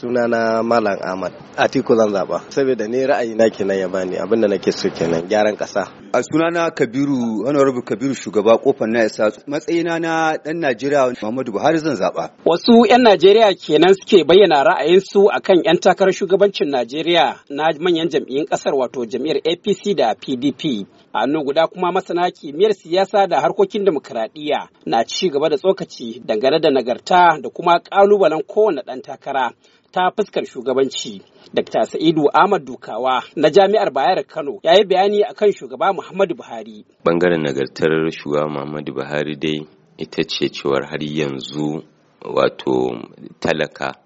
sunana malam ahmad atiku zan zaba saboda ni ra'ayi na kenan ya bani abinda nake so kenan gyaran kasa a sunana kabiru honorable kabiru shugaba kofar na isa matsayina na dan najeriya muhammadu buhari zan zaba wasu yan najeriya kenan suke bayyana ra'ayinsu akan yan takarar shugabancin najeriya na manyan jam'iyyun kasar wato jam'iyyar apc da pdp a nan guda kuma masana kimiyyar siyasa da harkokin demokuraɗiyya na ci gaba da tsokaci dangane da nagarta da kuma ƙalubalen kowane ɗan takara ta fuskar shugabanci. Dr. Sa'idu Ahmad Dukawa na Jami'ar Bayar Kano ya yi bayani a kan shugaba Muhammadu Buhari. Bangaren nagartar shugaba Muhammadu Buhari dai ita ce cewar har yanzu wato talaka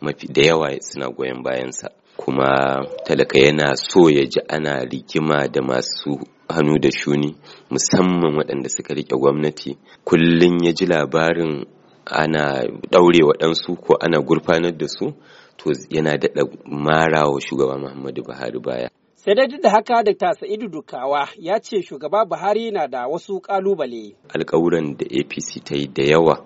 mafi da yawa suna goyon bayansa kuma talaka yana so ya ji ana rigima da masu hannu da shuni musamman waɗanda suka riƙe gwamnati kullum ya ji labarin ana ɗaure waɗansu ko ana gurfanar da su to yana daɗa marawa shugaba muhammadu buhari baya sai dai duk da haka da sa'idu dukawa ya ce shugaba buhari na da wasu ƙalubale alƙawuran da apc ta yi da yawa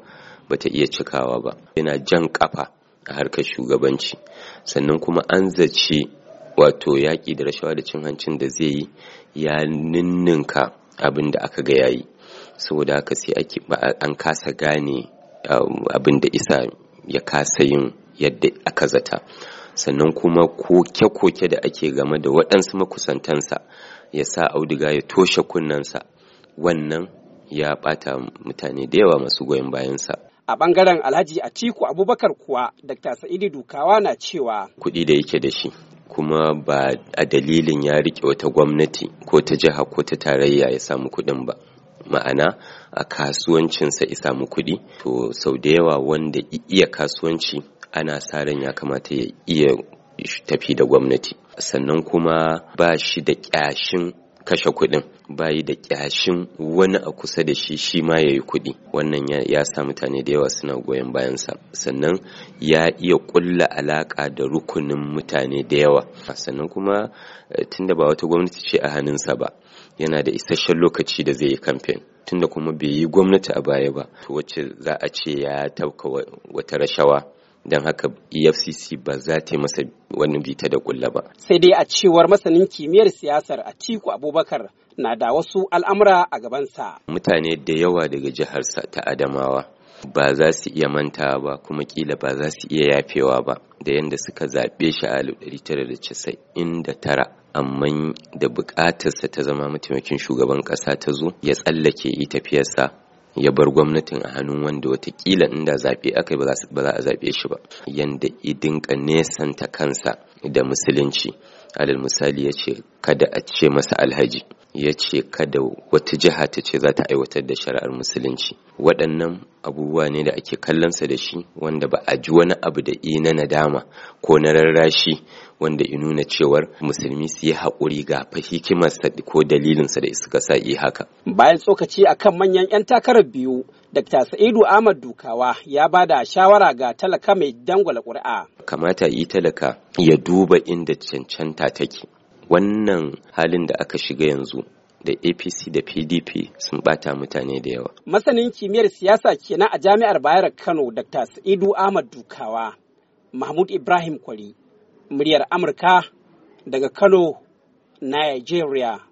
ba ta iya cikawa ba yana jan ƙafa a harkar shugabanci sannan kuma an zaci wato yaƙi da rashawa da cin hancin da zai yi ya ninninka abin da aka ga yayi saboda haka sai an kasa gane um, abin da isa ya kasa yin yadda aka zata sannan kuma koke-koke da ake game da waɗansu makusantansa ya sa auduga ya toshe kunnensa wannan ya ɓata mutane da yawa masu goyon bayansa a ɓangaren alhaji a tiku abubakar kuwa dr sa'idu dukawa na cewa kuɗi da yake da shi kuma ba a dalilin ya rike wata gwamnati ko ta jiha ko ta tarayya ya samu kuɗin ba ma'ana a kasuwancinsa ya samu kuɗi to sau da yawa wanda iya kasuwanci ana sa ran ya kamata ya iya tafi da gwamnati sannan kuma ba shi da ƙyashin kashe kuɗin bayi da ƙyashin wani a kusa da shi shi ma ya yi kuɗi wannan ya sa mutane da yawa suna goyon bayansa sannan ya iya ƙulla alaƙa da rukunin mutane da yawa sannan kuma eh, tunda ba wata gwamnati ce a hannunsa ba yana da isasshen lokaci da zai yi kamfen tunda kuma bai yi gwamnati a baya ba wacce za a ce ya tauka wata rashawa don haka efcc ba za ta masa wani bita da kulla ba sai dai a cewar masanin kimiyyar siyasar atiku abubakar na da wasu al'amura a gabansa mutane da yawa daga jiharsa ta adamawa ba za su iya mantawa ba kuma kila ba za su iya yafewa ba da yadda suka zaɓe shi a tara amma da bukatarsa ta zama mataimakin shugaban ƙasa ta zo ya tsallake yi tafiyarsa ya bar gwamnatin a hannun wanda watakila inda zaɓe aka yi ba za a zaɓe shi ba yanda idinka nesanta kansa da musulunci alal misali ya ce kada a ce masa alhaji ya ce kada wata jiha ta ce za ta aiwatar da shari'ar musulunci waɗannan abubuwa ne da ake kallonsa da shi wanda ba a ji wani abu da na nadama ko na rarrashi wanda ya nuna cewar musulmi su yi haƙuri ga sa ko dalilinsa da suka sa yi haka. Bayan tsokaci a kan manyan 'yan takarar biyu, Dr. Sa'idu Ahmad Dukawa ya ba da shawara ga talaka mai dangwala ƙuri'a. Kamata yi talaka ya duba inda cancanta take. wannan halin da aka shiga yanzu da apc da pdp sun bata mutane da yawa masanin kimiyyar siyasa kenan a jami'ar bayar kano dr sa'idu ahmad dukawa mahmud ibrahim kwari muryar amurka daga kano nigeria